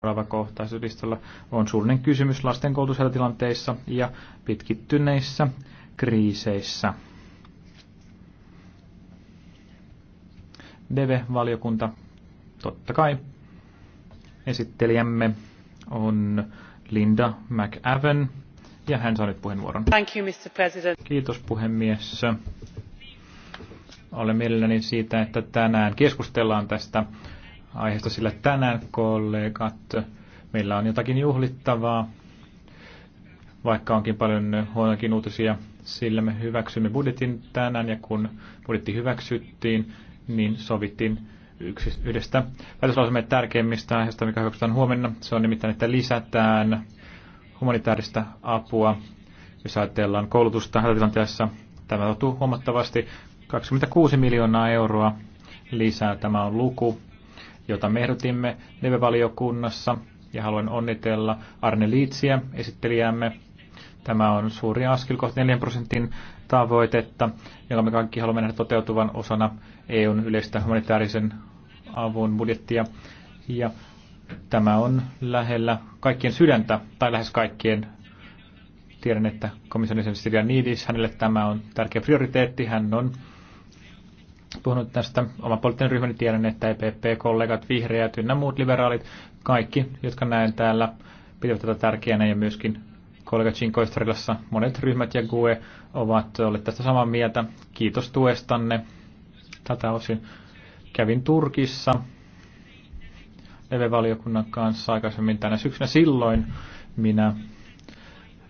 Seuraava kohta on suullinen kysymys lasten koulutushätätilanteissa ja pitkittyneissä kriiseissä. DV-valiokunta, totta kai, esittelijämme on Linda McAven, ja hän saa nyt puheenvuoron. Thank you, Mr. President. Kiitos puhemies. Olen mielelläni siitä, että tänään keskustellaan tästä aiheesta, sillä tänään kollegat, meillä on jotakin juhlittavaa, vaikka onkin paljon huonokin uutisia, sillä me hyväksymme budjetin tänään ja kun budjetti hyväksyttiin, niin sovittiin yksi, yhdestä päätöslausumme tärkeimmistä aiheista, mikä hyväksytään huomenna. Se on nimittäin, että lisätään humanitaarista apua, jos ajatellaan koulutusta hätätilanteessa. Tämä tuntuu huomattavasti 26 miljoonaa euroa lisää. Tämä on luku, jota me ehdotimme live-valiokunnassa. Ja haluan onnitella Arne Liitsiä, esittelijämme. Tämä on suuri askel kohti 4 prosentin tavoitetta, jolla me kaikki haluamme nähdä toteutuvan osana EUn yleistä humanitaarisen avun budjettia. Ja tämä on lähellä kaikkien sydäntä, tai lähes kaikkien. Tiedän, että komission esimerkiksi Niidis, hänelle tämä on tärkeä prioriteetti. Hän on puhunut tästä. Oma poliittinen ryhmäni tiedän, että EPP-kollegat, vihreät ynnä muut liberaalit, kaikki, jotka näen täällä, pitävät tätä tärkeänä ja myöskin kollega Cinkoistrilassa monet ryhmät ja GUE ovat olleet tästä samaa mieltä. Kiitos tuestanne. Tätä osin kävin Turkissa levevaliokunnan valiokunnan kanssa aikaisemmin tänä syksynä. Silloin minä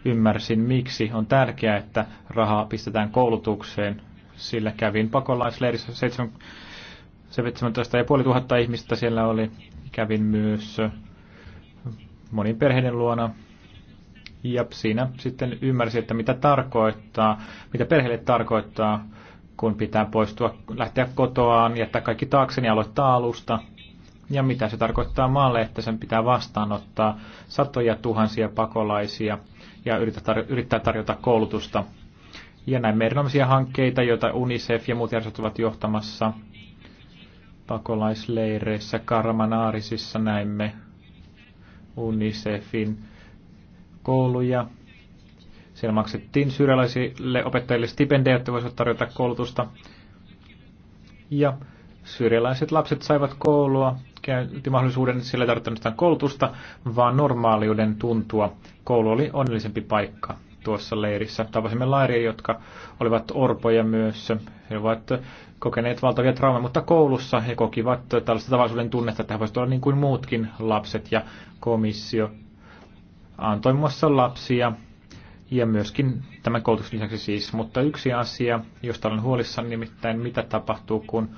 ymmärsin, miksi on tärkeää, että rahaa pistetään koulutukseen sillä kävin pakolaisleirissä 17 tuhatta ihmistä siellä oli. Kävin myös monin perheiden luona. Ja siinä sitten ymmärsin, että mitä tarkoittaa, mitä perheelle tarkoittaa, kun pitää poistua, lähteä kotoaan, jättää kaikki taakseni niin ja aloittaa alusta. Ja mitä se tarkoittaa maalle, että sen pitää vastaanottaa satoja tuhansia pakolaisia ja yrittää, tarjota koulutusta ja näin erinomaisia hankkeita, joita UNICEF ja muut järjestöt ovat johtamassa pakolaisleireissä Karmanaarisissa näimme UNICEFin kouluja. Siellä maksettiin syyrialaisille opettajille stipendejä, jotta voisivat tarjota koulutusta. Ja syyrialaiset lapset saivat koulua, käytti mahdollisuuden, sillä ei koulutusta, vaan normaaliuden tuntua. Koulu oli onnellisempi paikka tuossa leirissä. Tavasimme lairia, jotka olivat orpoja myös. He ovat kokeneet valtavia traumaa, mutta koulussa he kokivat tällaista tavallisuuden tunnetta, että he voisivat olla niin kuin muutkin lapset ja komissio antoi muassa lapsia ja myöskin tämän koulutuksen lisäksi siis. Mutta yksi asia, josta olen huolissaan, nimittäin mitä tapahtuu, kun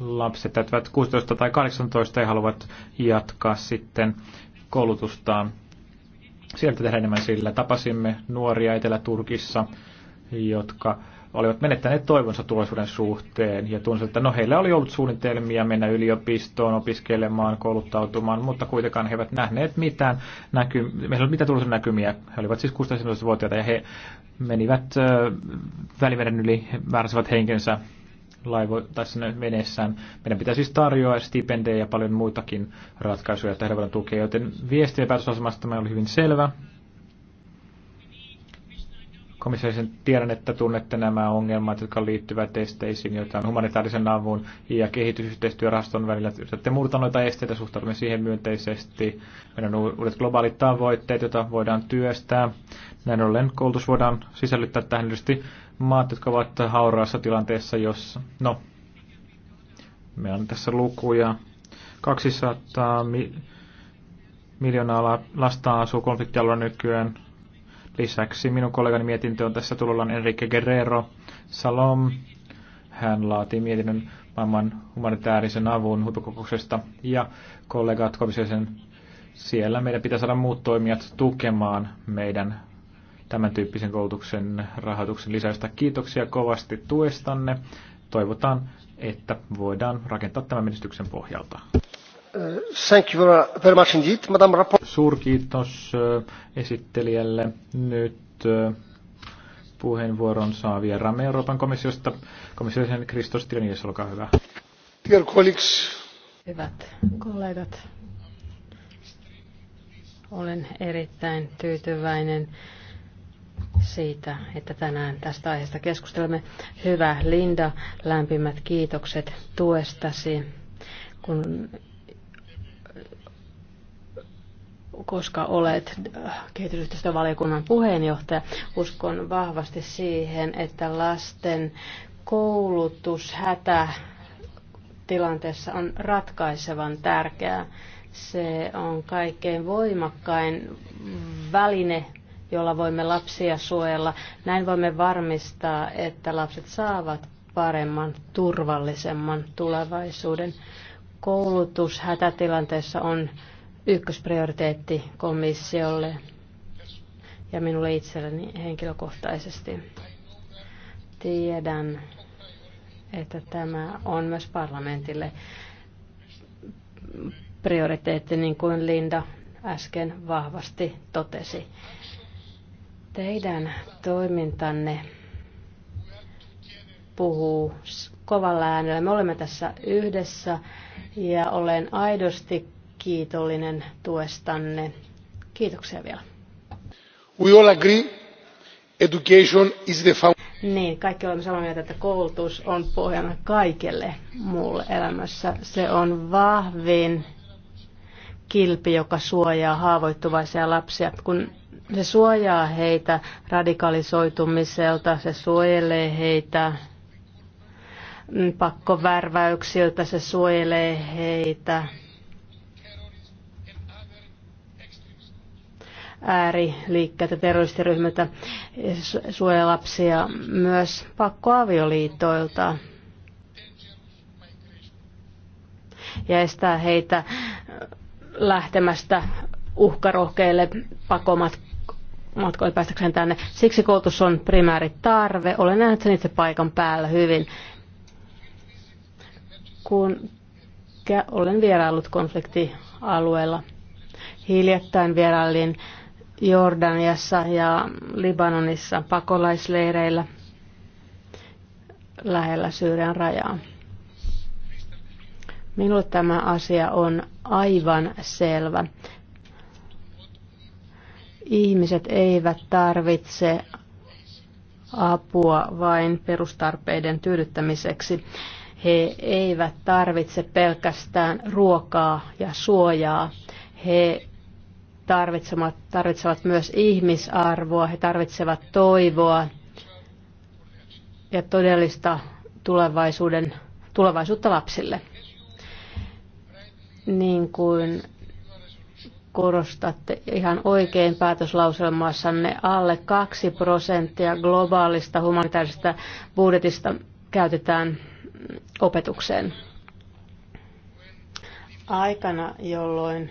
lapset täyttävät 16 tai 18 ja haluavat jatkaa sitten koulutustaan sieltä tehdä enemmän sillä. Tapasimme nuoria Etelä-Turkissa, jotka olivat menettäneet toivonsa tulevaisuuden suhteen ja tunsivat, että no heillä oli ollut suunnitelmia mennä yliopistoon, opiskelemaan, kouluttautumaan, mutta kuitenkaan he eivät nähneet mitään, näky- mitä ei näkymiä. He olivat siis 16 vuotiaita ja he menivät äh, välimeren yli, määräsivät henkensä laivo, tai sinne veneessään. Meidän pitää siis tarjoa stipendejä ja paljon muitakin ratkaisuja terveyden tukea, joten viesti päätösasemasta tämä oli hyvin selvä. Komissaarisen tiedän, että tunnette nämä ongelmat, jotka liittyvät esteisiin, joita on humanitaarisen avun ja kehitysyhteistyörahaston välillä. Yritätte murtaa noita esteitä, suhtaudumme siihen myönteisesti. Meidän on uudet globaalit tavoitteet, joita voidaan työstää. Näin ollen koulutus voidaan sisällyttää tähän maat, jotka ovat hauraassa tilanteessa, jossa, no, meillä on tässä lukuja, 200 mi- miljoonaa lasta asuu konfliktialueella nykyään. Lisäksi minun kollegani mietintö on tässä tulollaan Enrique Guerrero Salom. Hän laati mietinnön maailman humanitaarisen avun huippukokouksesta ja kollegat komissio siellä meidän pitää saada muut toimijat tukemaan meidän tämän tyyppisen koulutuksen rahoituksen lisäystä. Kiitoksia kovasti tuestanne. Toivotaan, että voidaan rakentaa tämän menestyksen pohjalta. Thank you very much indeed, Madame Rapport. Suurkiitos äh, esittelijälle. Nyt äh, puheenvuoron saa vieraamme Euroopan komissiosta. Komissiosen Kristos Tirenies, olkaa hyvä. Dear colleagues. Hyvät kollegat, olen erittäin tyytyväinen siitä, että tänään tästä aiheesta keskustelemme. Hyvä Linda, lämpimät kiitokset tuestasi, kun, koska olet äh, kehitysyhteistyövaliokunnan puheenjohtaja. Uskon vahvasti siihen, että lasten koulutus hätä tilanteessa on ratkaisevan tärkeää. Se on kaikkein voimakkain väline jolla voimme lapsia suojella. Näin voimme varmistaa, että lapset saavat paremman, turvallisemman tulevaisuuden. Koulutus hätätilanteessa on ykkösprioriteetti komissiolle ja minulle itselleni henkilökohtaisesti. Tiedän, että tämä on myös parlamentille prioriteetti, niin kuin Linda äsken vahvasti totesi. Teidän toimintanne puhuu kovalla äänellä. Me olemme tässä yhdessä ja olen aidosti kiitollinen tuestanne. Kiitoksia vielä. We all agree education is the foundation. Niin, kaikki olemme samaa mieltä, että koulutus on pohjana kaikelle muulle elämässä. Se on vahvin kilpi, joka suojaa haavoittuvaisia lapsia. Kun se suojaa heitä radikalisoitumiselta, se suojelee heitä pakkovärväyksiltä, se suojelee heitä ääriliikkeitä, terroristiryhmiltä, suojaa lapsia myös pakkoavioliitoilta ja estää heitä lähtemästä uhkarohkeille pakomat matkoille päästäkseen tänne. Siksi koulutus on primääri tarve. Olen nähnyt sen itse paikan päällä hyvin. Kun olen vieraillut konfliktialueella. Hiljattain vierailin Jordaniassa ja Libanonissa pakolaisleireillä lähellä Syyrian rajaa. Minulle tämä asia on aivan selvä. Ihmiset eivät tarvitse apua vain perustarpeiden tyydyttämiseksi. He eivät tarvitse pelkästään ruokaa ja suojaa. He tarvitsevat, tarvitsevat myös ihmisarvoa, he tarvitsevat toivoa ja todellista tulevaisuuden, tulevaisuutta lapsille. Niin kuin korostatte ihan oikein päätöslauselmassanne alle 2 prosenttia globaalista humanitaarisesta budjetista käytetään opetukseen. Aikana, jolloin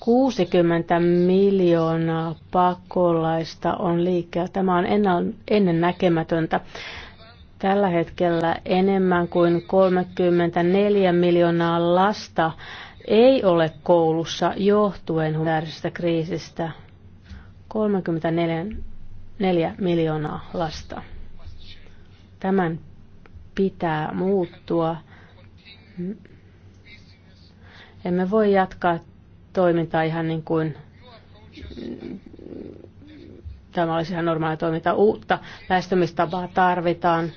60 miljoonaa pakolaista on liikkeellä. Tämä on ennen näkemätöntä. Tällä hetkellä enemmän kuin 34 miljoonaa lasta ei ole koulussa johtuen humanitaarisesta kriisistä 34 miljoonaa lasta. Tämän pitää muuttua. Emme voi jatkaa toimintaa ihan niin kuin tämä olisi ihan normaali toiminta. Uutta lähestymistapaa tarvitaan.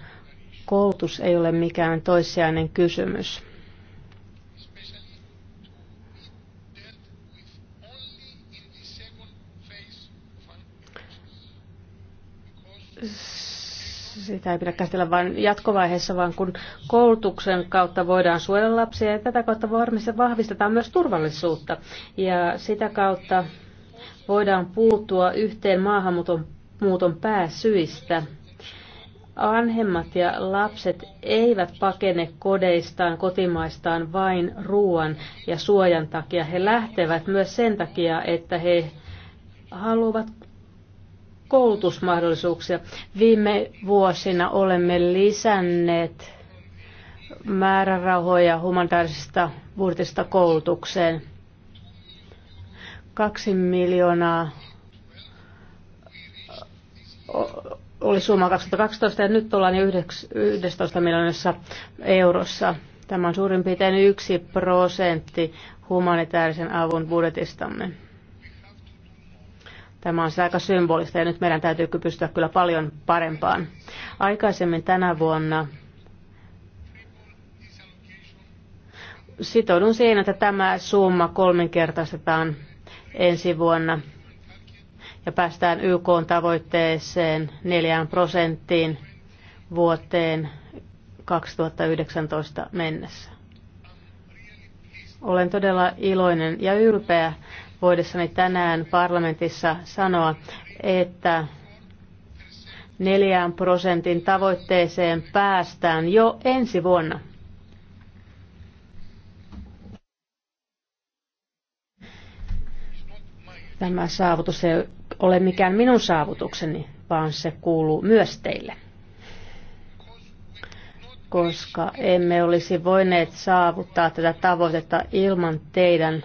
Koulutus ei ole mikään toissijainen kysymys. sitä ei pidä käsitellä vain jatkovaiheessa, vaan kun koulutuksen kautta voidaan suojella lapsia ja tätä kautta vahvistetaan myös turvallisuutta. Ja sitä kautta voidaan puuttua yhteen maahanmuuton pääsyistä. Vanhemmat ja lapset eivät pakene kodeistaan, kotimaistaan vain ruoan ja suojan takia. He lähtevät myös sen takia, että he haluavat koulutusmahdollisuuksia. Viime vuosina olemme lisänneet määrärahoja humanitaarisesta budjetista koulutukseen. Kaksi miljoonaa oli summa 2012 ja nyt ollaan jo 11 miljoonassa eurossa. Tämä on suurin piirtein yksi prosentti humanitaarisen avun budjetistamme. Tämä on siis aika symbolista ja nyt meidän täytyy pystyä kyllä paljon parempaan. Aikaisemmin tänä vuonna sitoudun siihen, että tämä summa kolminkertaistetaan ensi vuonna ja päästään YK tavoitteeseen 4 prosenttiin vuoteen 2019 mennessä. Olen todella iloinen ja ylpeä voidessani tänään parlamentissa sanoa, että neljään prosentin tavoitteeseen päästään jo ensi vuonna. Tämä saavutus ei ole mikään minun saavutukseni, vaan se kuuluu myös teille. Koska emme olisi voineet saavuttaa tätä tavoitetta ilman teidän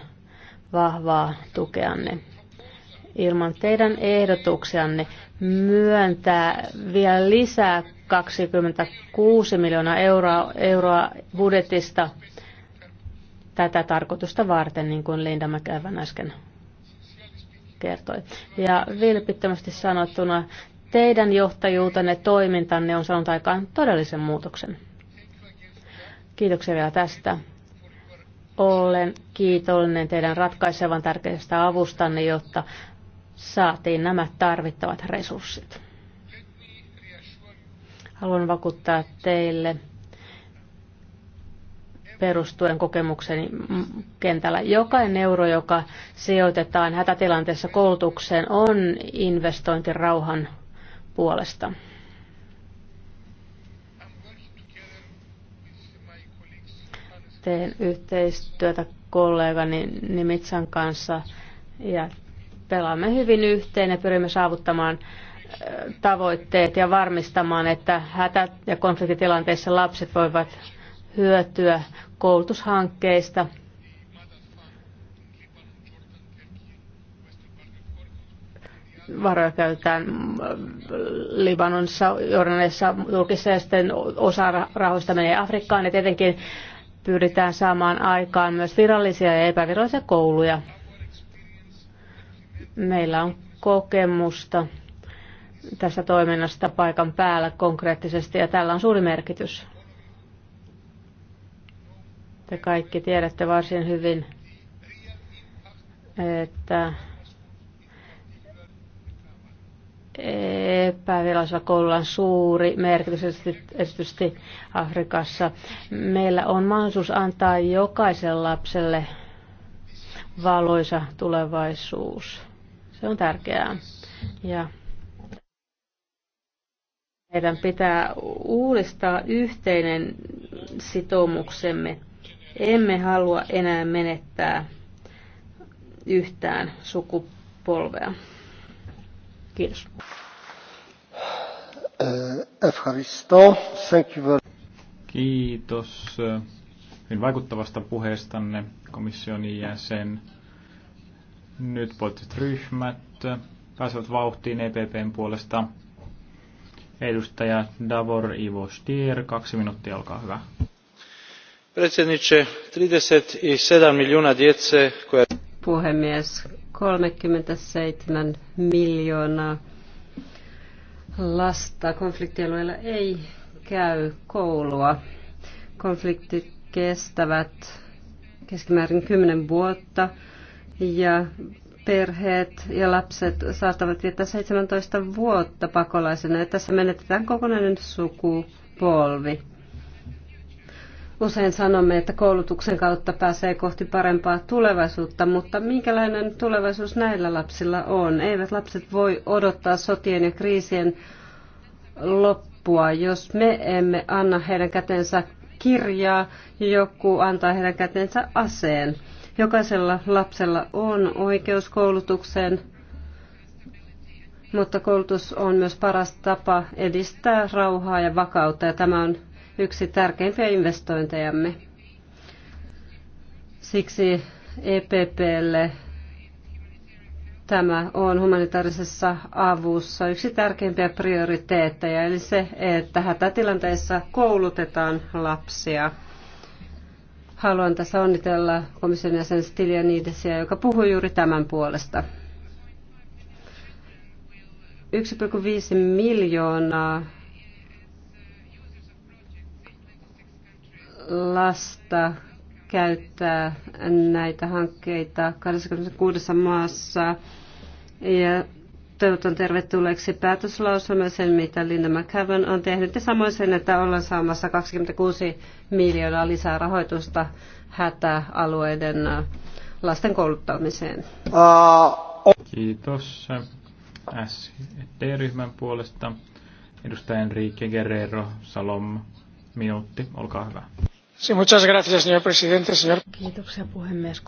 vahvaa tukeanne. Ilman teidän ehdotuksianne myöntää vielä lisää 26 miljoonaa euroa, euroa budjetista tätä tarkoitusta varten, niin kuin Linda McEvan äsken kertoi. Ja vilpittömästi sanottuna, teidän johtajuutenne toimintanne on saanut aikaan todellisen muutoksen. Kiitoksia vielä tästä. Olen kiitollinen teidän ratkaisevan tärkeästä avustanne, jotta saatiin nämä tarvittavat resurssit. Haluan vakuuttaa teille perustuen kokemukseni kentällä. Jokainen euro, joka sijoitetaan hätätilanteessa koulutukseen, on investointi rauhan puolesta. teen yhteistyötä kollegani Nimitsan kanssa ja pelaamme hyvin yhteen ja pyrimme saavuttamaan tavoitteet ja varmistamaan, että hätä- ja konfliktitilanteissa lapset voivat hyötyä koulutushankkeista. Varoja käytetään Libanonissa, Jordanissa, Turkissa osa rahoista menee Afrikkaan ja tietenkin pyritään saamaan aikaan myös virallisia ja epävirallisia kouluja. Meillä on kokemusta tästä toiminnasta paikan päällä konkreettisesti ja tällä on suuri merkitys. Te kaikki tiedätte varsin hyvin, että epävirallisella koululla on suuri merkitys, erityisesti Afrikassa. Meillä on mahdollisuus antaa jokaiselle lapselle valoisa tulevaisuus. Se on tärkeää. Ja meidän pitää uudistaa yhteinen sitoumuksemme. Emme halua enää menettää yhtään sukupolvea. Kiitos. Eh, Kiitos eh, hyvin vaikuttavasta puheestanne, komission jäsen. Nyt poliittiset ryhmät eh, pääsevät vauhtiin EPPn puolesta. Edustaja Davor Ivo Stier, kaksi minuuttia, olkaa hyvä. Puhemies, 37 miljoonaa lasta konfliktialueilla ei käy koulua. Konfliktit kestävät keskimäärin 10 vuotta ja perheet ja lapset saattavat viettää 17 vuotta pakolaisena ja tässä menetetään kokonainen sukupolvi. Usein sanomme, että koulutuksen kautta pääsee kohti parempaa tulevaisuutta, mutta minkälainen tulevaisuus näillä lapsilla on? Eivät lapset voi odottaa sotien ja kriisien loppua, jos me emme anna heidän kätensä kirjaa ja joku antaa heidän kätensä aseen. Jokaisella lapsella on oikeus koulutukseen, mutta koulutus on myös paras tapa edistää rauhaa ja vakautta ja tämä on yksi tärkeimpiä investointejamme. Siksi EPPlle tämä on humanitaarisessa avussa yksi tärkeimpiä prioriteetteja, eli se, että hätätilanteessa koulutetaan lapsia. Haluan tässä onnitella komission jäsen Niidesiä, joka puhui juuri tämän puolesta. 1,5 miljoonaa lasta käyttää näitä hankkeita 26 maassa. Ja toivotan tervetulleeksi päätöslauselman sen, mitä Linda McCavan on tehnyt, ja samoin sen, että ollaan saamassa 26 miljoonaa lisää rahoitusta hätäalueiden äh, lasten kouluttamiseen. Äh, Kiitos SD-ryhmän puolesta. Edustaja Enrique Guerrero Salom, minuutti, olkaa hyvä señor presidente. Señor... Kiitoksia puhemies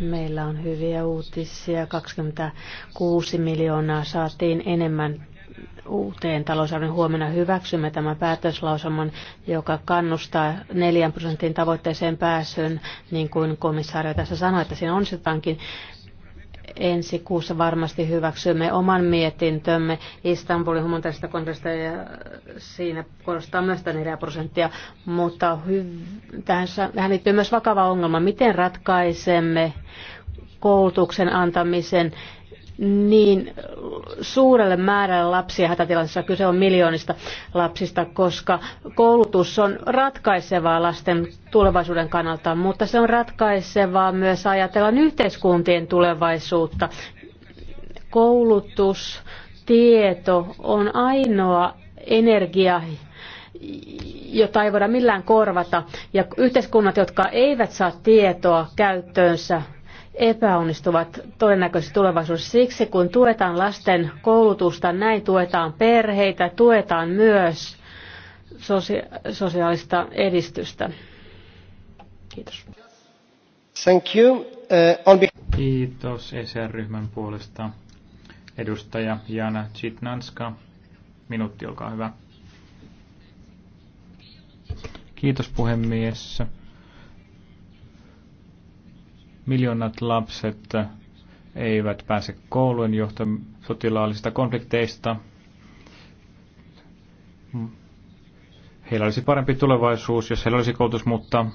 Meillä on hyviä uutisia. 26 miljoonaa saatiin enemmän uuteen talousarvioon. huomenna hyväksymme tämän päätöslauselman, joka kannustaa 4 prosentin tavoitteeseen pääsyyn, niin kuin komissaario tässä sanoi, että siinä onnistutaankin ensi kuussa varmasti hyväksymme oman mietintömme Istanbulin humanitaarista kontrasta ja siinä korostaa myös 4 prosenttia, mutta tähän, tähän liittyy myös vakava ongelma, miten ratkaisemme koulutuksen antamisen niin suurelle määrälle lapsia hätätilanteessa, kyse on miljoonista lapsista, koska koulutus on ratkaisevaa lasten tulevaisuuden kannalta, mutta se on ratkaisevaa myös ajatella yhteiskuntien tulevaisuutta. Koulutus, tieto on ainoa energia, jota ei voida millään korvata. Ja yhteiskunnat, jotka eivät saa tietoa käyttöönsä, epäonnistuvat todennäköisesti tulevaisuudessa siksi, kun tuetaan lasten koulutusta, näin tuetaan perheitä, tuetaan myös sosia- sosiaalista edistystä. Kiitos. Thank you. Uh, on... Kiitos ECR-ryhmän puolesta. Edustaja Jana Chitnanska. Minuutti, olkaa hyvä. Kiitos puhemies. Miljoonat lapset eivät pääse kouluun johtuen sotilaallisista konflikteista. Heillä olisi parempi tulevaisuus, jos heillä olisi koulutus, mutta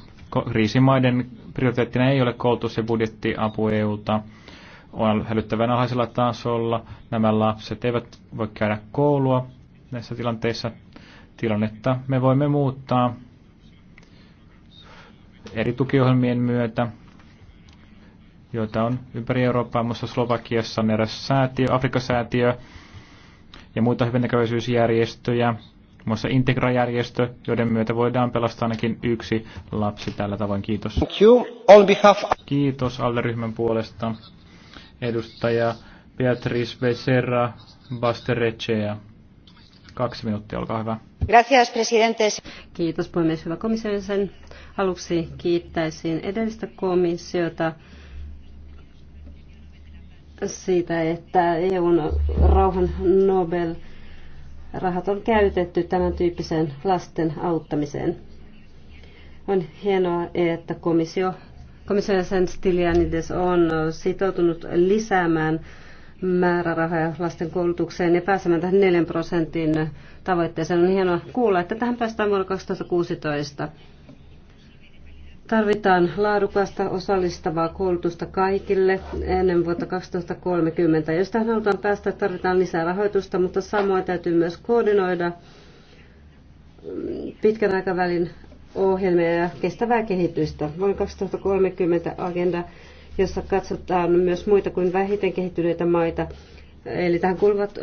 kriisimaiden prioriteettina ei ole koulutus ja budjettiapu EUlta. On hälyttävän alhaisella tasolla. Nämä lapset eivät voi käydä koulua näissä tilanteissa. Tilannetta me voimme muuttaa eri tukiohjelmien myötä joita on ympäri Eurooppaa, muassa Slovakiassa on eräs säätiö, Afrikasäätiö ja muita hyvännäköisyysjärjestöjä, muassa Integra-järjestö, joiden myötä voidaan pelastaa ainakin yksi lapsi tällä tavoin. Kiitos. Kiitos alleryhmän puolesta edustaja Beatrice Becerra Basterecea. Kaksi minuuttia, olkaa hyvä. Gracias, presidentes. Kiitos puhemies, hyvä komissaari. Aluksi kiittäisin edellistä komissiota siitä, että EUn rauhan Nobel rahat on käytetty tämän tyyppiseen lasten auttamiseen. On hienoa, että komissio, komission jäsen Stylianides on sitoutunut lisäämään määrärahoja lasten koulutukseen ja pääsemään tähän 4 prosentin tavoitteeseen. On hienoa kuulla, että tähän päästään vuonna 2016. Tarvitaan laadukasta osallistavaa koulutusta kaikille ennen vuotta 2030. Jos tähän halutaan päästä, tarvitaan lisää rahoitusta, mutta samoin täytyy myös koordinoida pitkän aikavälin ohjelmia ja kestävää kehitystä. Vuonna 2030 agenda, jossa katsotaan myös muita kuin vähiten kehittyneitä maita. Eli tähän kuuluvat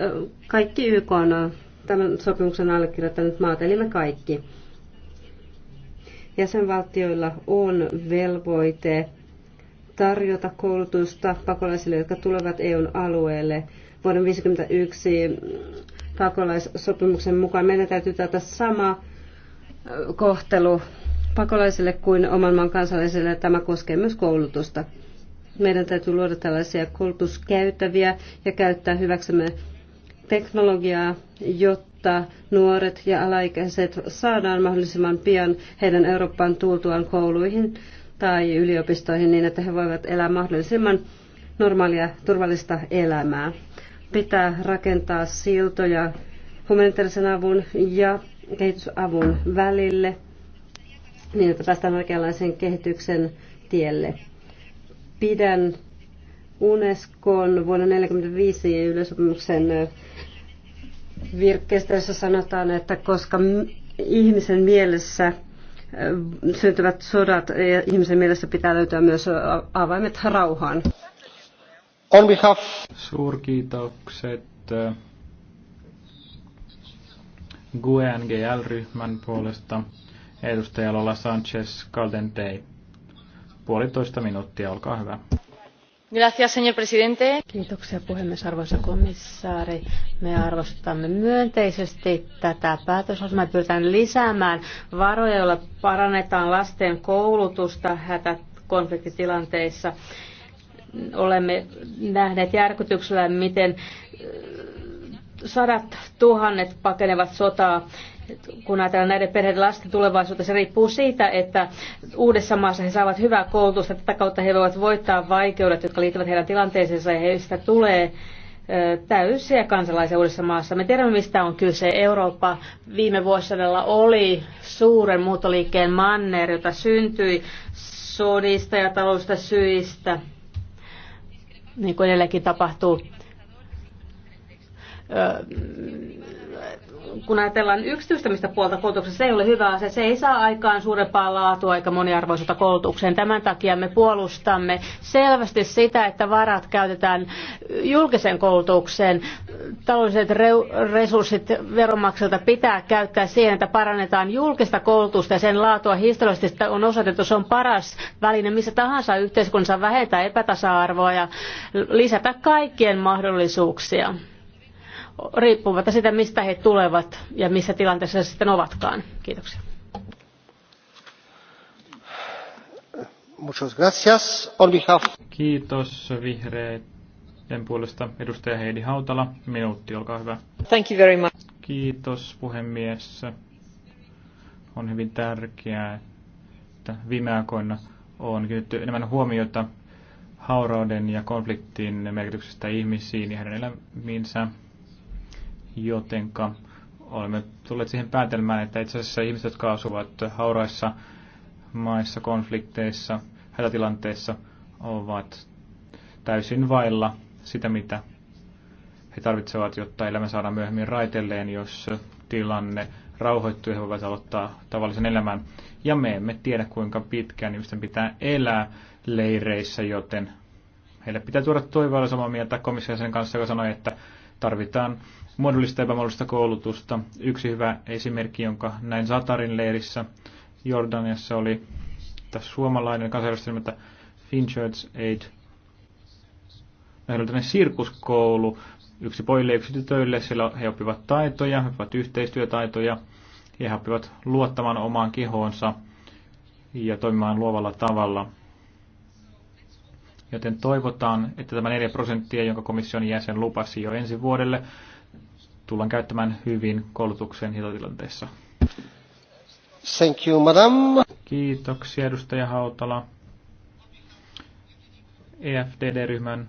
kaikki YK on tämän sopimuksen allekirjoittaneet maat, eli me kaikki. Jäsenvaltioilla on velvoite tarjota koulutusta pakolaisille, jotka tulevat EUn alueelle. Vuoden 1951 pakolaissopimuksen mukaan meidän täytyy tätä sama kohtelu pakolaisille kuin oman maan kansalaisille. Tämä koskee myös koulutusta. Meidän täytyy luoda tällaisia koulutuskäytäviä ja käyttää hyväksemme teknologiaa, jotta jotta nuoret ja alaikäiset saadaan mahdollisimman pian heidän Eurooppaan tultuaan kouluihin tai yliopistoihin niin, että he voivat elää mahdollisimman normaalia, turvallista elämää. Pitää rakentaa siltoja humanitaarisen avun ja kehitysavun välille niin, että päästään oikeanlaisen kehityksen tielle. Pidän Unescon vuonna 1945 yleisopimuksen virkkeestä, jossa sanotaan, että koska ihmisen mielessä syntyvät sodat ja ihmisen mielessä pitää löytää myös avaimet rauhaan. On behalf. Suurkiitokset GNGL-ryhmän puolesta edustaja Lola Sanchez Caldentei. Puolitoista minuuttia, olkaa hyvä señor presidente. Kiitoksia puhemies, arvoisa komissaari. Me arvostamme myönteisesti tätä päätöslausumaa. Pyritään lisäämään varoja, joilla parannetaan lasten koulutusta hätäkonfliktitilanteissa. Olemme nähneet järkytyksellä, miten äh, sadat tuhannet pakenevat sotaa kun ajatellaan näiden perheiden lasten tulevaisuutta, se riippuu siitä, että uudessa maassa he saavat hyvää koulutusta. Tätä kautta he voivat voittaa vaikeudet, jotka liittyvät heidän tilanteeseensa ja heistä tulee täysiä kansalaisia uudessa maassa. Me tiedämme, mistä on kyse. Eurooppa viime vuosisadalla oli suuren muuttoliikkeen manner, jota syntyi sodista ja taloudellisista syistä, niin kuin edelleenkin tapahtuu kun ajatellaan yksityistämistä puolta koulutuksessa, se ei ole hyvä asia. Se ei saa aikaan suurempaa laatua eikä moniarvoisuutta koulutukseen. Tämän takia me puolustamme selvästi sitä, että varat käytetään julkisen koulutukseen. Taloudelliset resurssit veronmaksilta pitää käyttää siihen, että parannetaan julkista koulutusta ja sen laatua historiallisesti on osoitettu. Se on paras väline missä tahansa yhteiskunnassa vähentää epätasa-arvoa ja lisätä kaikkien mahdollisuuksia riippumatta siitä, mistä he tulevat ja missä tilanteessa he sitten ovatkaan. Kiitoksia. Muchas gracias. On behalf... Kiitos vihreiden puolesta edustaja Heidi Hautala. Minuutti, olkaa hyvä. Thank you very much. Kiitos puhemies. On hyvin tärkeää, että viime aikoina on kiinnitetty enemmän huomiota haurauden ja konfliktin merkityksestä ihmisiin ja heidän elämiinsä jotenka olemme tulleet siihen päätelmään, että itse asiassa ihmiset, jotka asuvat hauraissa maissa, konflikteissa, hätätilanteissa, ovat täysin vailla sitä, mitä he tarvitsevat, jotta elämä saadaan myöhemmin raitelleen, jos tilanne rauhoittuu ja he voivat aloittaa tavallisen elämän. Ja me emme tiedä, kuinka pitkään ihmisten pitää elää leireissä, joten heille pitää tuoda toivoa samaa mieltä komission kanssa, joka sanoi, että tarvitaan muodollista epämuodollista koulutusta. Yksi hyvä esimerkki, jonka näin Satarin leirissä Jordaniassa oli tässä suomalainen kansanjärjestö nimeltä Finchurch Aid. Meillä oli tämmöinen sirkuskoulu, yksi poille ja yksi tytöille. Siellä he oppivat taitoja, he oppivat yhteistyötaitoja ja he oppivat luottamaan omaan kehoonsa ja toimimaan luovalla tavalla. Joten toivotaan, että tämä 4 prosenttia, jonka komission jäsen lupasi jo ensi vuodelle, tullaan käyttämään hyvin koulutuksen hitotilanteessa. Thank you, madam. Kiitoksia, edustaja Hautala. EFDD-ryhmän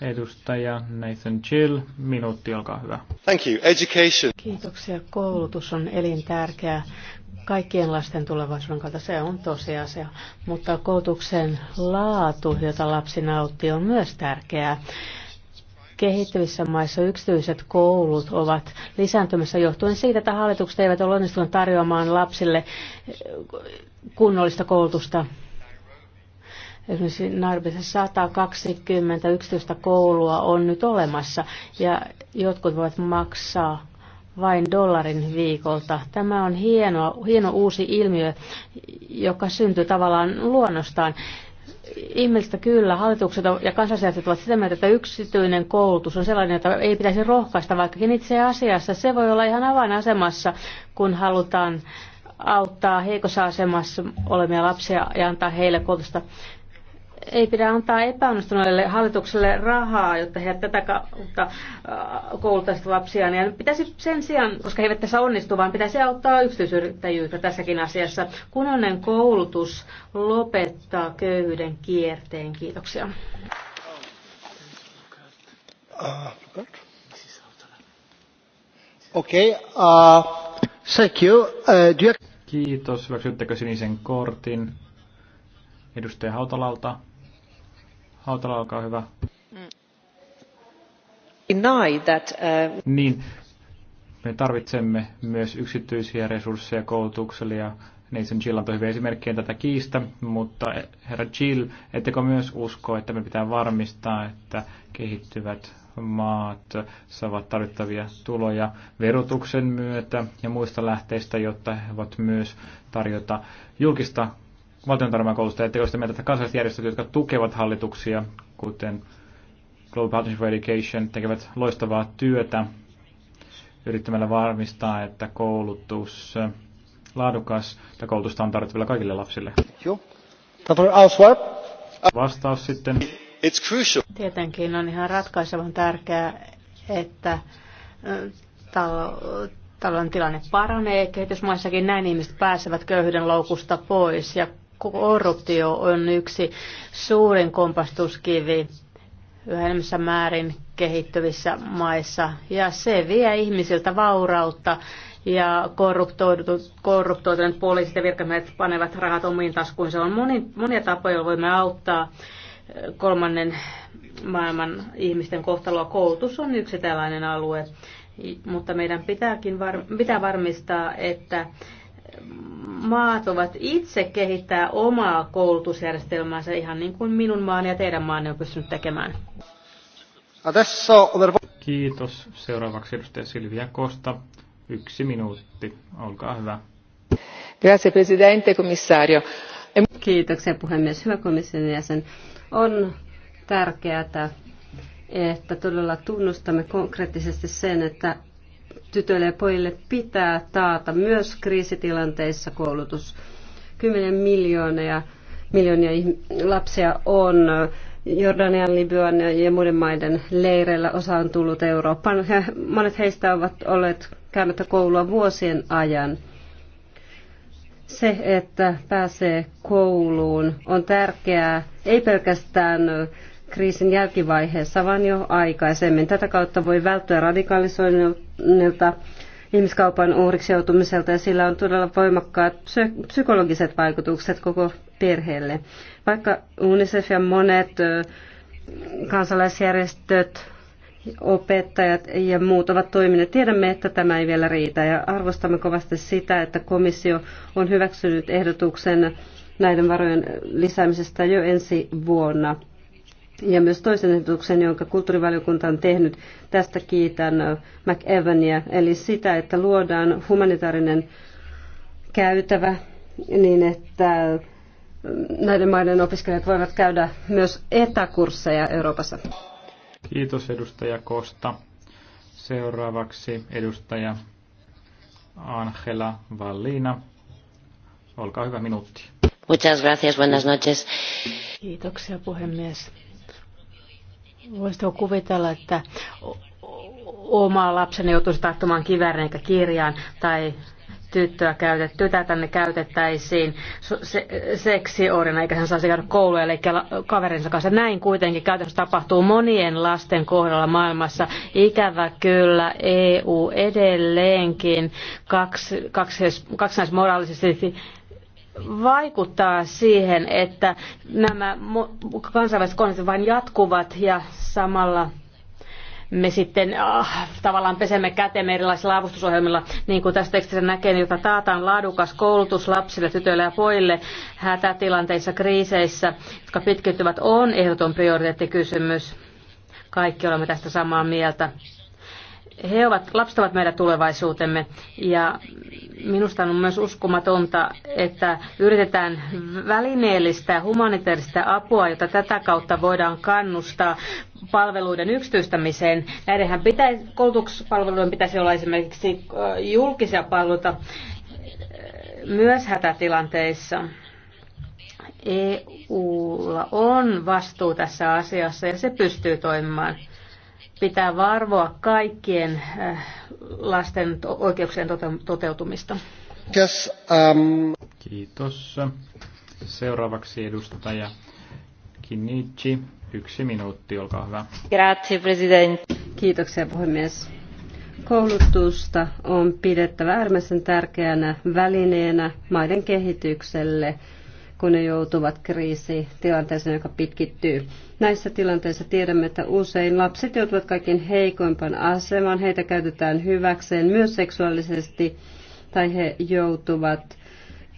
edustaja Nathan Chill. Minuutti, olkaa hyvä. Thank you. Education. Kiitoksia. Koulutus on elintärkeä kaikkien lasten tulevaisuuden kautta se on tosiasia, mutta koulutuksen laatu, jota lapsi nauttii, on myös tärkeää. Kehittyvissä maissa yksityiset koulut ovat lisääntymässä johtuen siitä, että hallitukset eivät ole onnistuneet tarjoamaan lapsille eh, kunnollista koulutusta. Esimerkiksi Narbissa 120 yksityistä koulua on nyt olemassa ja jotkut voivat maksaa vain dollarin viikolta. Tämä on hieno, hieno uusi ilmiö, joka syntyy tavallaan luonnostaan. Ihmistä kyllä, hallitukset ja kansalaiset ovat sitä mieltä, että yksityinen koulutus on sellainen, jota ei pitäisi rohkaista, vaikkakin itse asiassa se voi olla ihan avainasemassa, kun halutaan auttaa heikossa asemassa olevia lapsia ja antaa heille koulutusta ei pidä antaa epäonnistuneelle hallitukselle rahaa, jotta he tätä kautta kouluttaisivat lapsia. Ja pitäisi sen sijaan, koska he eivät tässä onnistu, vaan pitäisi auttaa yksityisyrittäjyyttä tässäkin asiassa. Kunnollinen koulutus lopettaa köyhyyden kierteen. Kiitoksia. Okei, ah, okay, uh, thank you. Uh, you... Kiitos. Hyväksyttekö sinisen kortin? edustaja Hautalalta. Hautala, olkaa hyvä. Uh, niin, me tarvitsemme myös yksityisiä resursseja koulutukselle ja Nathan Jill on hyvin esimerkkejä tätä kiistä, mutta eh, herra Jill, ettekö myös usko, että me pitää varmistaa, että kehittyvät maat saavat tarvittavia tuloja verotuksen myötä ja muista lähteistä, jotta he voivat myös tarjota julkista valtiontarmakoulusta, että jos te mieltä, että kansalliset järjestöt, jotka tukevat hallituksia, kuten Global Partnership for Education, tekevät loistavaa työtä yrittämällä varmistaa, että koulutus äh, laadukas ja koulutusta on tarvittavilla kaikille lapsille. Joo. Vastaus sitten. It's crucial. Tietenkin on ihan ratkaisevan tärkeää, että äh, talouden tilanne paranee. Kehitysmaissakin näin ihmiset pääsevät köyhyyden loukusta pois ja korruptio on yksi suurin kompastuskivi yhä määrin kehittyvissä maissa. Ja se vie ihmisiltä vaurautta ja korruptoituneet poliisit ja virkamiehet panevat rahat omiin Se On moni, monia tapoja, joilla voimme auttaa eh, kolmannen maailman ihmisten kohtaloa. Koulutus on yksi tällainen alue, mutta meidän pitääkin var, pitää varmistaa, että maat ovat itse kehittää omaa koulutusjärjestelmäänsä ihan niin kuin minun maani ja teidän maanne on pystynyt tekemään. Kiitos. Seuraavaksi edustaja Silvia Kosta. Yksi minuutti. Olkaa hyvä. Grazie presidente, komissario. Kiitoksia puhemies. Hyvä komission jäsen. On tärkeää, että todella tunnustamme konkreettisesti sen, että tytöille ja pojille pitää taata myös kriisitilanteissa koulutus. Kymmenen miljoonia, miljoonia lapsia on Jordanian, Libyan ja muiden maiden leireillä. Osa on tullut Eurooppaan. Monet heistä ovat olleet käymättä koulua vuosien ajan. Se, että pääsee kouluun, on tärkeää ei pelkästään kriisin jälkivaiheessa, vaan jo aikaisemmin. Tätä kautta voi välttyä radikalisoinnilta ihmiskaupan uhriksi joutumiselta ja sillä on todella voimakkaat psykologiset vaikutukset koko perheelle. Vaikka UNICEF ja monet kansalaisjärjestöt, opettajat ja muut ovat toimineet, tiedämme, että tämä ei vielä riitä ja arvostamme kovasti sitä, että komissio on hyväksynyt ehdotuksen näiden varojen lisäämisestä jo ensi vuonna ja myös toisen ehdotuksen, jonka kulttuurivaliokunta on tehnyt. Tästä kiitän äh, McEvania, eli sitä, että luodaan humanitaarinen käytävä niin, että äh, näiden maiden opiskelijat voivat käydä myös etäkursseja Euroopassa. Kiitos edustaja Kosta. Seuraavaksi edustaja Angela Vallina. Olkaa hyvä minuutti. Muchas gracias, buenas noches. Kiitoksia puhemies Voisitko kuvitella, että oma lapseni joutuisi tahtomaan kiväärin eikä kirjaan tai tyttöä käytet, tytä tänne käytettäisiin se, seksiorina, eikä hän saisi käydä koulua, eli kaverinsa kanssa. Näin kuitenkin käytännössä tapahtuu monien lasten kohdalla maailmassa. Ikävä kyllä EU edelleenkin kaksi, kaksi, kaksinaismoraalisesti vaikuttaa siihen, että nämä kansainväliset konfliktit vain jatkuvat ja samalla me sitten ah, tavallaan pesemme kätemme erilaisilla avustusohjelmilla, niin kuin tästä tekstissä näkee, niin jota taataan laadukas koulutus lapsille, tytöille ja pojille hätätilanteissa, kriiseissä, jotka pitkittyvät, on ehdoton prioriteettikysymys. Kaikki olemme tästä samaa mieltä he ovat, lapset ovat meidän tulevaisuutemme ja minusta on myös uskomatonta, että yritetään välineellistä humanitaarista apua, jota tätä kautta voidaan kannustaa palveluiden yksityistämiseen. Näidenhän pitäisi, koulutuspalveluiden pitäisi olla esimerkiksi julkisia palveluita myös hätätilanteissa. EUlla on vastuu tässä asiassa ja se pystyy toimimaan. Pitää varvoa kaikkien äh, lasten oikeuksien toteutumista. Kiitos. Um... Kiitos. Seuraavaksi edustaja Kinnichi. Yksi minuutti, olkaa hyvä. Grazie, president. Kiitoksia, puhemies. Koulutusta on pidettävä äärimmäisen tärkeänä välineenä maiden kehitykselle – kun ne joutuvat kriisitilanteeseen, joka pitkittyy. Näissä tilanteissa tiedämme, että usein lapset joutuvat kaikkein heikoimpaan asemaan, heitä käytetään hyväkseen myös seksuaalisesti, tai he joutuvat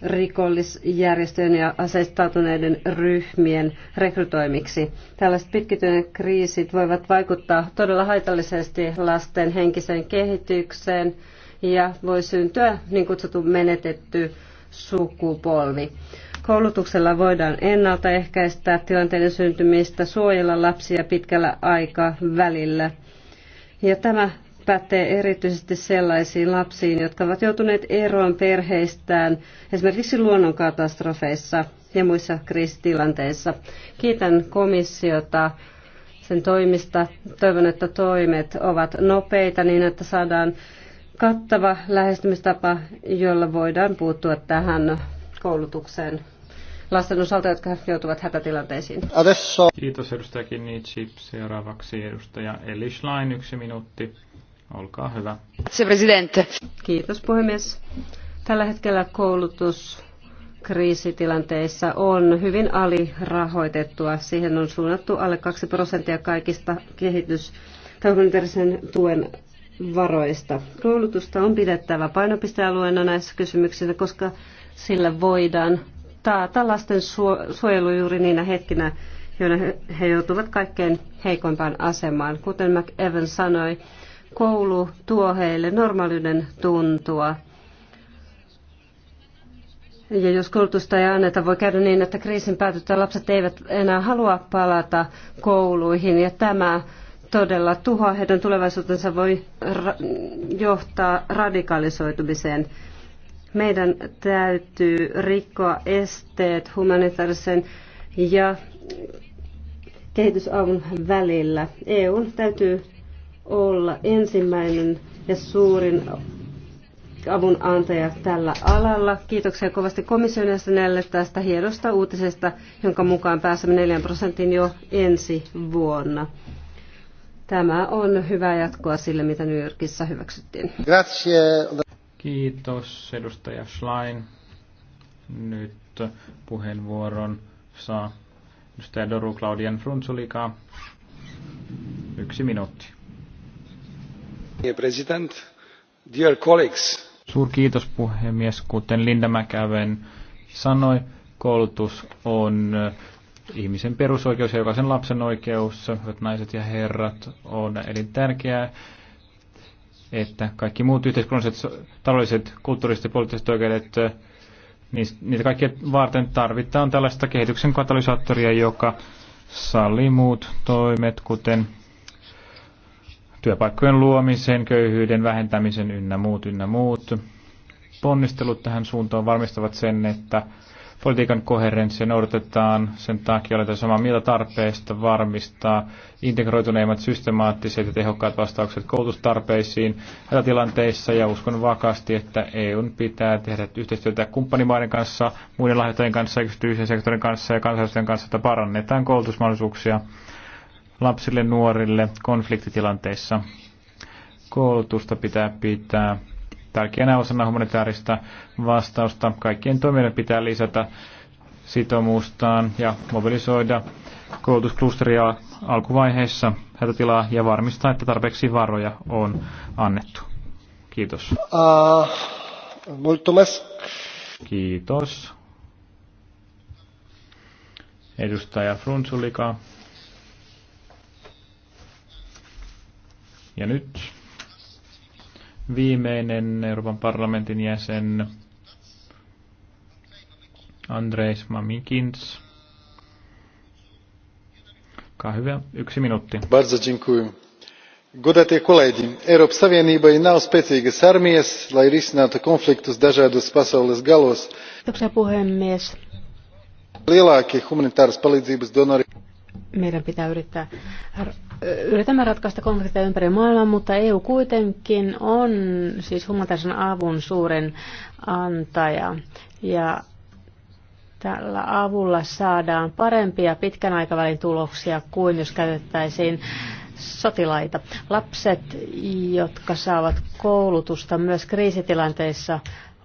rikollisjärjestöjen ja aseistautuneiden ryhmien rekrytoimiksi. Tällaiset pitkittyneet kriisit voivat vaikuttaa todella haitallisesti lasten henkiseen kehitykseen ja voi syntyä niin kutsuttu menetetty sukupolvi. Koulutuksella voidaan ennaltaehkäistä tilanteiden syntymistä, suojella lapsia pitkällä aikavälillä. Ja tämä pätee erityisesti sellaisiin lapsiin, jotka ovat joutuneet eroon perheistään esimerkiksi luonnonkatastrofeissa ja muissa kriisitilanteissa. Kiitän komissiota sen toimista. Toivon, että toimet ovat nopeita niin, että saadaan kattava lähestymistapa, jolla voidaan puuttua tähän koulutukseen lasten osalta, jotka joutuvat hätätilanteisiin. Kiitos edustaja Kinnici. Seuraavaksi edustaja Eli Schlein, yksi minuutti. Olkaa hyvä. Kiitos puhemies. Tällä hetkellä koulutus kriisitilanteissa on hyvin alirahoitettua. Siihen on suunnattu alle 2 prosenttia kaikista kehitys- tai tuen varoista. Koulutusta on pidettävä painopistealueena näissä kysymyksissä, koska sillä voidaan taata lasten suojelu juuri niinä hetkinä, joina he joutuvat kaikkein heikoimpaan asemaan. Kuten McEvan sanoi, koulu tuo heille normaaliuden tuntua. Ja jos koulutusta ei anneta, voi käydä niin, että kriisin päätyttyä lapset eivät enää halua palata kouluihin. Ja tämä todella tuhoa heidän tulevaisuutensa, voi ra- johtaa radikalisoitumiseen. Meidän täytyy rikkoa esteet humanitaarisen ja kehitysavun välillä. EU täytyy olla ensimmäinen ja suurin avun antaja tällä alalla. Kiitoksia kovasti komission jäsenelle tästä hienosta uutisesta, jonka mukaan pääsemme 4 prosentin jo ensi vuonna. Tämä on hyvä jatkoa sille, mitä New Yorkissa hyväksyttiin. Grazie. Kiitos edustaja Schlein. Nyt puheenvuoron saa edustaja Doru Claudian Frunzulika. Yksi minuutti. President, dear colleagues. Suur kiitos puhemies. Kuten Linda Mäkäven sanoi, koulutus on ihmisen perusoikeus ja jokaisen lapsen oikeus, hyvät naiset ja herrat, on elintärkeää että kaikki muut yhteiskunnalliset, taloudelliset, kulttuuriset ja poliittiset oikeudet, äh, niitä kaikkia varten tarvitaan tällaista kehityksen katalysaattoria, joka sallii muut toimet, kuten työpaikkojen luomisen, köyhyyden vähentämisen ynnä muut ynnä muut. Ponnistelut tähän suuntaan varmistavat sen, että politiikan koherenssia noudatetaan. Sen takia olen samaa mieltä tarpeesta varmistaa integroituneimmat systemaattiset ja tehokkaat vastaukset koulutustarpeisiin hätätilanteissa ja uskon vakaasti, että EUn pitää tehdä yhteistyötä kumppanimaiden kanssa, muiden lahjoittajien kanssa, yksityisen sektorin kanssa ja kansalaisten kanssa, että parannetaan koulutusmahdollisuuksia lapsille, nuorille konfliktitilanteissa. Koulutusta pitää pitää tärkeänä osana humanitaarista vastausta. Kaikkien toimijoiden pitää lisätä sitoumustaan ja mobilisoida koulutusklusteria alkuvaiheessa hätätilaa ja varmistaa, että tarpeeksi varoja on annettu. Kiitos. Uh, Kiitos. Edustaja Frunzulika. Ja nyt viimeinen Euroopan parlamentin jäsen Andres Mamikins. Olkaa hyvä, yksi minuutti. Bardzo dziękuję. kolegi, Europ Eiropas Savienībai nav spēcīgas armijas, lai risinātu konfliktus dažādos pasaules galos. Kiitoksia puhemies. Lielākie humanitāras palīdzības donori meidän pitää yrittää, yritämme ratkaista konflikteja ympäri maailmaa, mutta EU kuitenkin on siis humanitaarisen avun suurin antaja. Ja tällä avulla saadaan parempia pitkän aikavälin tuloksia kuin jos käytettäisiin sotilaita. Lapset, jotka saavat koulutusta myös kriisitilanteissa,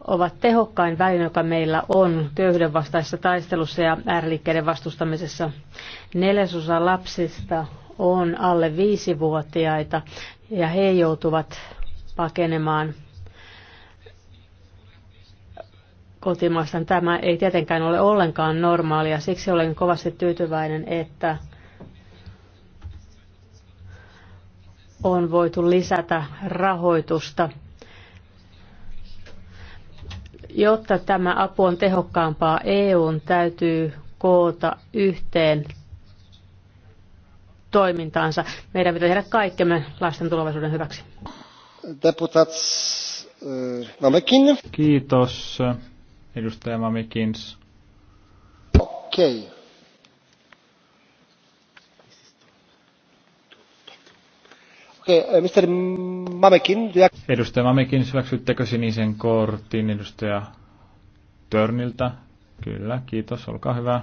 ovat tehokkain väline, joka meillä on köyhyyden vastaisessa taistelussa ja ääriliikkeiden vastustamisessa. Neljäsosa lapsista on alle viisivuotiaita ja he joutuvat pakenemaan kotimaastaan. Tämä ei tietenkään ole ollenkaan normaalia, siksi olen kovasti tyytyväinen, että on voitu lisätä rahoitusta – Jotta tämä apu on tehokkaampaa, EUn täytyy koota yhteen toimintaansa. Meidän pitää tehdä kaikkemme lasten tulevaisuuden hyväksi. Deputats eh, Mamekin. Kiitos, eh, edustaja Mamekins. Okei. Okay. Eh, Mr. Mamekin. Edustaja Mamekin, hyväksyttekö sinisen kortin edustaja Törniltä? Kyllä, kiitos, olkaa hyvä.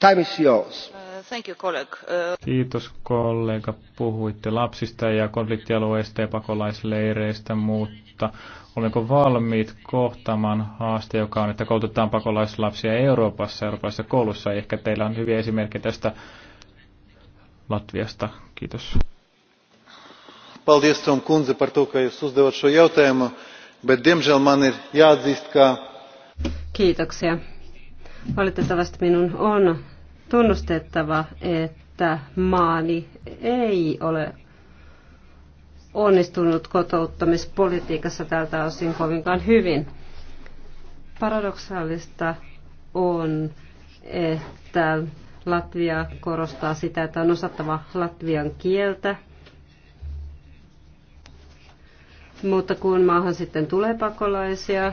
Time is yours. Uh, thank you, colleague. Uh, kiitos kollega. Puhuitte lapsista ja konfliktialueista ja pakolaisleireistä, mutta olenko valmiit kohtaamaan haaste, joka on, että koulutetaan pakolaislapsia Euroopassa, Euroopassa koulussa. Ehkä teillä on hyviä esimerkkejä tästä Latviasta. Kiitos. Paldies, Tom kundze, par to, ka jūs uzdevat šo jautājumu, bet diemžēl man ir jāatzīst, ka... Kiitoksia. Valitettavasti minun on tunnustettava, että maani ei ole onnistunut kotouttamispolitiikassa tältä osin kovinkaan hyvin. Paradoksaalista on, että Latvia korostaa sitä, että on osattava latvian kieltä Mutta kun maahan sitten tulee pakolaisia,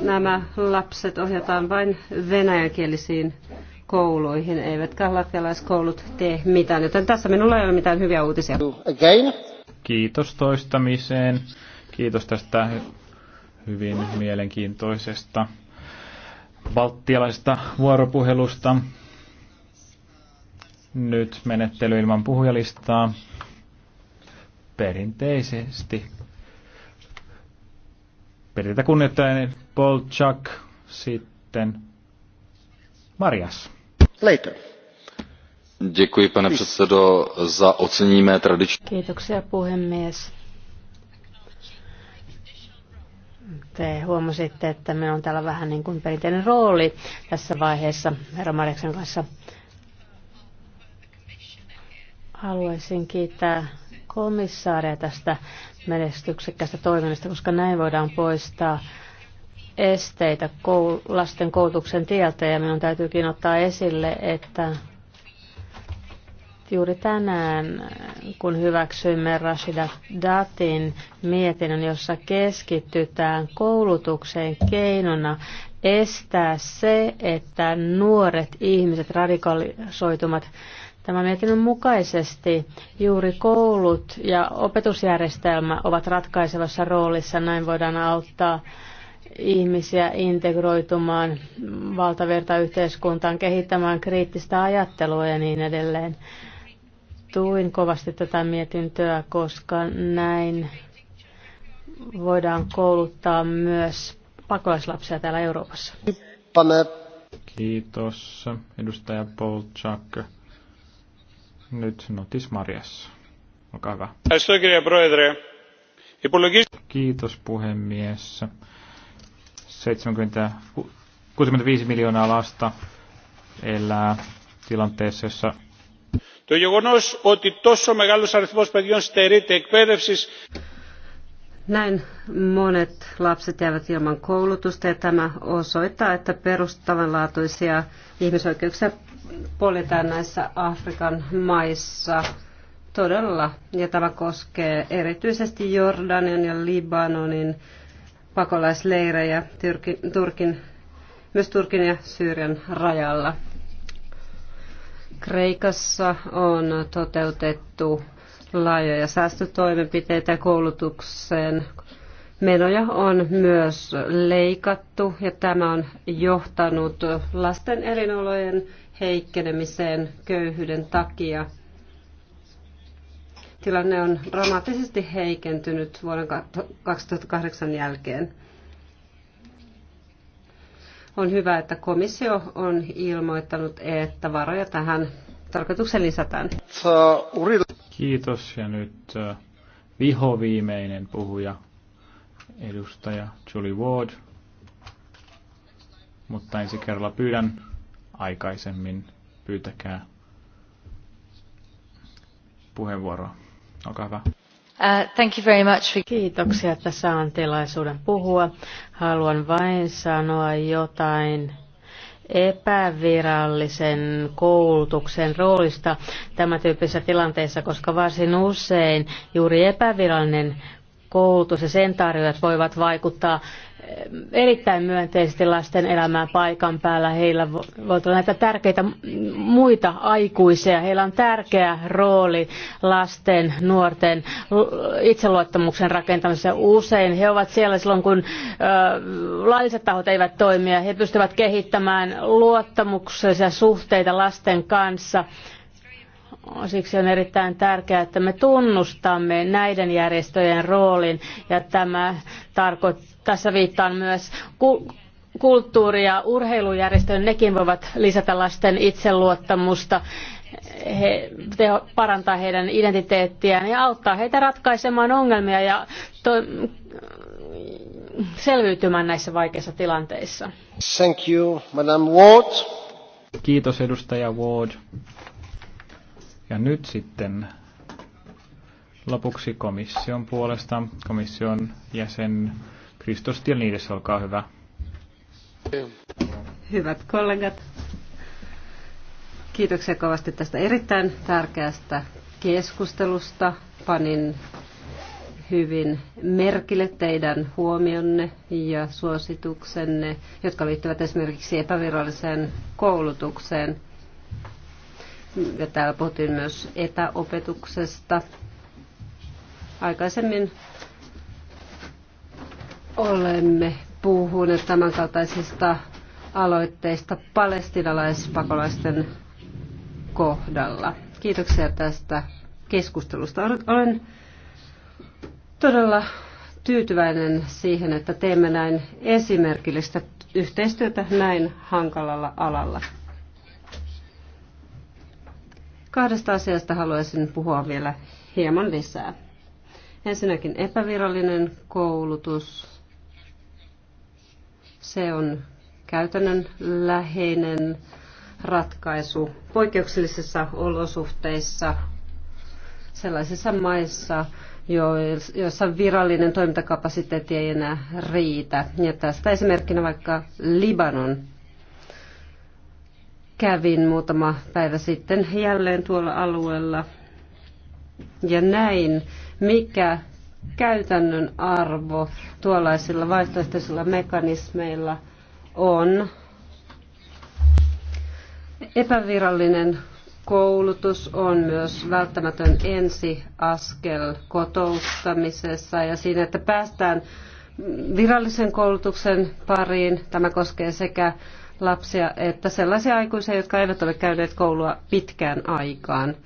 nämä lapset ohjataan vain venäjänkielisiin kouluihin, eivätkä latvialaiskoulut tee mitään, joten tässä minulla ei ole mitään hyviä uutisia. Kiitos toistamiseen. Kiitos tästä hyvin mielenkiintoisesta valttialaisesta vuoropuhelusta. Nyt menettely ilman puhujalistaa perinteisesti kunnioittajan Paul Polchak, sitten Marias. Later. Děkuji, pane předsedo, za mé tradiční. Kiitoksia, puhemies. Te huomasitte, että me on täällä vähän niin kuin perinteinen rooli tässä vaiheessa herra Marjaksen kanssa. Haluaisin kiittää komissaareja tästä menestyksekkästä toiminnasta, koska näin voidaan poistaa esteitä koul- lasten koulutuksen tieltä. Ja minun täytyykin ottaa esille, että juuri tänään, kun hyväksyimme Rashida Datin mietinnön, jossa keskitytään koulutukseen keinona estää se, että nuoret ihmiset radikalisoitumat Tämän mietinnön mukaisesti juuri koulut ja opetusjärjestelmä ovat ratkaisevassa roolissa. Näin voidaan auttaa ihmisiä integroitumaan valtavirtayhteiskuntaan, kehittämään kriittistä ajattelua ja niin edelleen. Tuin kovasti tätä mietintöä, koska näin voidaan kouluttaa myös pakolaislapsia täällä Euroopassa. Kiitos, edustaja Chuck. Nyt Notis Marias. Olkaa hyvä. Kiitos puhemies. 70, 65 miljoonaa lasta elää tilanteessa, jossa το γεγονός ότι τόσο μεγάλος αριθμός παιδιών στερείται εκπαίδευσης näin monet lapset jäävät ilman koulutusta ja tämä osoittaa, että perustavanlaatuisia ihmisoikeuksia poljetaan näissä Afrikan maissa todella, ja tämä koskee erityisesti Jordanian ja Libanonin pakolaisleirejä Tyrkin, Turkin, myös Turkin ja Syyrian rajalla. Kreikassa on toteutettu laajoja säästötoimenpiteitä koulutukseen. Menoja on myös leikattu ja tämä on johtanut lasten elinolojen heikkenemiseen köyhyyden takia. Tilanne on dramaattisesti heikentynyt vuoden 2008 jälkeen. On hyvä, että komissio on ilmoittanut, että varoja tähän tarkoituksen lisätään. Kiitos ja nyt vihoviimeinen puhuja, edustaja Julie Ward. Mutta ensi kerralla pyydän aikaisemmin. Pyytäkää puheenvuoroa. Olkaa hyvä. Uh, thank you very much for... Kiitoksia, että saan tilaisuuden puhua. Haluan vain sanoa jotain epävirallisen koulutuksen roolista tämä tyyppisessä tilanteissa, koska varsin usein juuri epävirallinen koulutus ja sen tarjoajat voivat vaikuttaa eh, erittäin myönteisesti lasten elämään paikan päällä. Heillä voi olla näitä tärkeitä muita aikuisia. Heillä on tärkeä rooli lasten, nuorten itseluottamuksen rakentamisessa. Usein he ovat siellä silloin, kun eh, lailliset tahot eivät toimia. He pystyvät kehittämään luottamuksellisia suhteita lasten kanssa Siksi on erittäin tärkeää, että me tunnustamme näiden järjestöjen roolin ja tämä tarkoittaa, tässä viittaan myös kulttuuri- ja urheilujärjestöjen, nekin voivat lisätä lasten itseluottamusta, he, teho, parantaa heidän identiteettiään ja auttaa heitä ratkaisemaan ongelmia ja to, selviytymään näissä vaikeissa tilanteissa. Thank you, Madam Ward. Kiitos edustaja Ward. Ja nyt sitten lopuksi komission puolesta komission jäsen Kristos Tielniides, olkaa hyvä. Hyvät kollegat, kiitoksia kovasti tästä erittäin tärkeästä keskustelusta. Panin hyvin merkille teidän huomionne ja suosituksenne, jotka liittyvät esimerkiksi epäviralliseen koulutukseen – ja täällä puhuttiin myös etäopetuksesta. Aikaisemmin olemme puhuneet tämänkaltaisista aloitteista palestinalaispakolaisten kohdalla. Kiitoksia tästä keskustelusta. Olen todella tyytyväinen siihen, että teemme näin esimerkillistä yhteistyötä näin hankalalla alalla. Kahdesta asiasta haluaisin puhua vielä hieman lisää. Ensinnäkin epävirallinen koulutus. Se on käytännön läheinen ratkaisu poikkeuksellisissa olosuhteissa sellaisissa maissa, joissa virallinen toimintakapasiteetti ei enää riitä. Ja tästä esimerkkinä vaikka Libanon, kävin muutama päivä sitten jälleen tuolla alueella ja näin, mikä käytännön arvo tuollaisilla vaihtoehtoisilla mekanismeilla on epävirallinen koulutus on myös välttämätön ensiaskel kotouttamisessa ja siinä, että päästään virallisen koulutuksen pariin. Tämä koskee sekä lapsia että sellaisia aikuisia, jotka eivät ole käyneet koulua pitkään aikaan.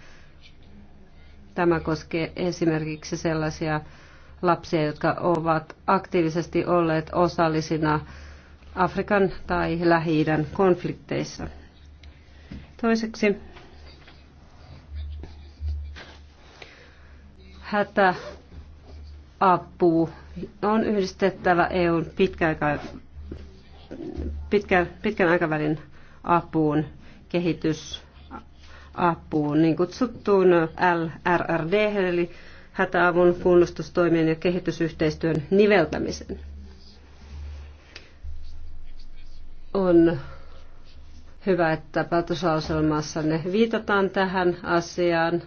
Tämä koskee esimerkiksi sellaisia lapsia, jotka ovat aktiivisesti olleet osallisina Afrikan tai lähi konflikteissa. Toiseksi hätäapu on yhdistettävä EUn pitkäaikaiseen pitkän, pitkän aikavälin apuun, kehitysapuun, niin kutsuttuun LRRD, eli hätäavun, kunnostustoimien ja kehitysyhteistyön niveltämisen. On hyvä, että ne viitataan tähän asiaan.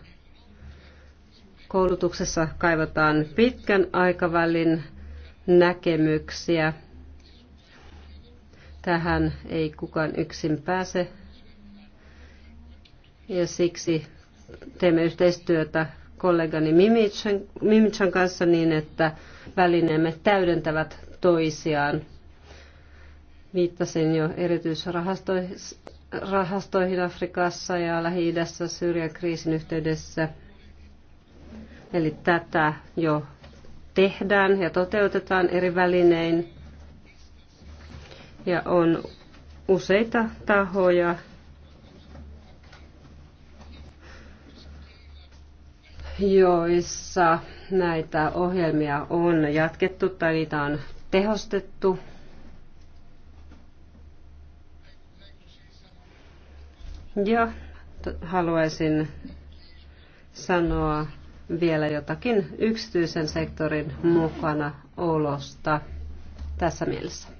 Koulutuksessa kaivataan pitkän aikavälin näkemyksiä Tähän ei kukaan yksin pääse. Ja siksi teemme yhteistyötä kollegani Mimichan, Mimichan kanssa niin, että välineemme täydentävät toisiaan. Viittasin jo erityisrahastoihin Afrikassa ja Lähi-idässä Syyrian kriisin yhteydessä. Eli tätä jo tehdään ja toteutetaan eri välinein ja on useita tahoja, joissa näitä ohjelmia on jatkettu tai niitä on tehostettu. Ja haluaisin sanoa vielä jotakin yksityisen sektorin mukana olosta tässä mielessä.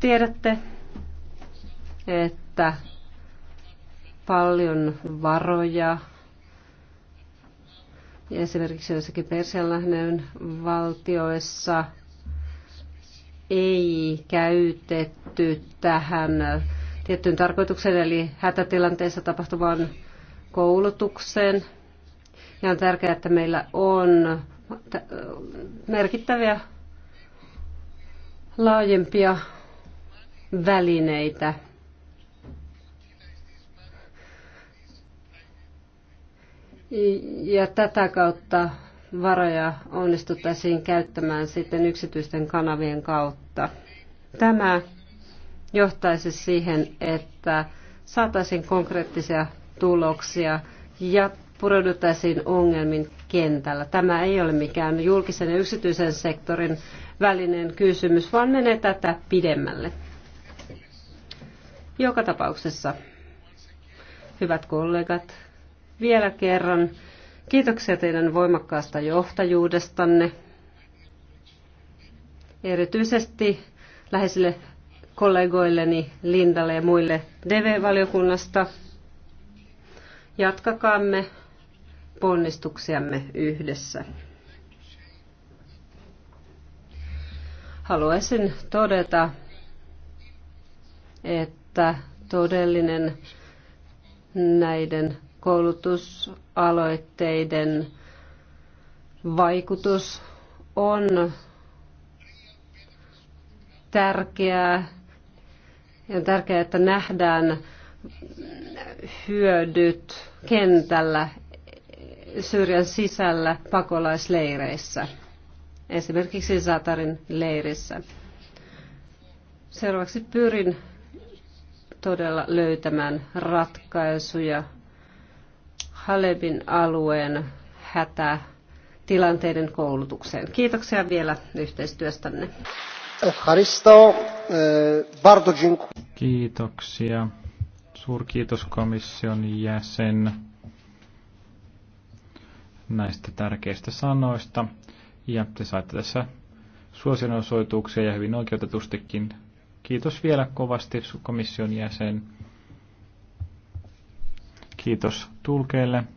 Tiedätte, että paljon varoja esimerkiksi jossakin Persianlahden valtioissa ei käytetty tähän tiettyyn tarkoitukseen, eli hätätilanteessa tapahtuvaan koulutukseen. Ja on tärkeää, että meillä on merkittäviä laajempia välineitä. Ja tätä kautta varoja onnistuttaisiin käyttämään sitten yksityisten kanavien kautta. Tämä johtaisi siihen, että saataisiin konkreettisia tuloksia ja pureuduttaisiin ongelmin kentällä. Tämä ei ole mikään julkisen ja yksityisen sektorin välinen kysymys, vaan menee tätä pidemmälle. Joka tapauksessa, hyvät kollegat, vielä kerran kiitoksia teidän voimakkaasta johtajuudestanne. Erityisesti läheisille kollegoilleni Lindalle ja muille DV-valiokunnasta. Jatkakaamme ponnistuksiamme yhdessä. Haluaisin todeta, että että todellinen näiden koulutusaloitteiden vaikutus on tärkeää. Ja on tärkeää, että nähdään hyödyt kentällä Syyrian sisällä pakolaisleireissä, esimerkiksi Zatarin leirissä. Seuraavaksi pyrin todella löytämään ratkaisuja Halebin alueen hätätilanteiden koulutukseen. Kiitoksia vielä yhteistyöstänne. Eh, Kiitoksia. Suurkiitos komission jäsen näistä tärkeistä sanoista. Ja te saitte tässä suosionosoituksia ja hyvin oikeutetustikin Kiitos vielä kovasti komission jäsen. Kiitos tulkeille.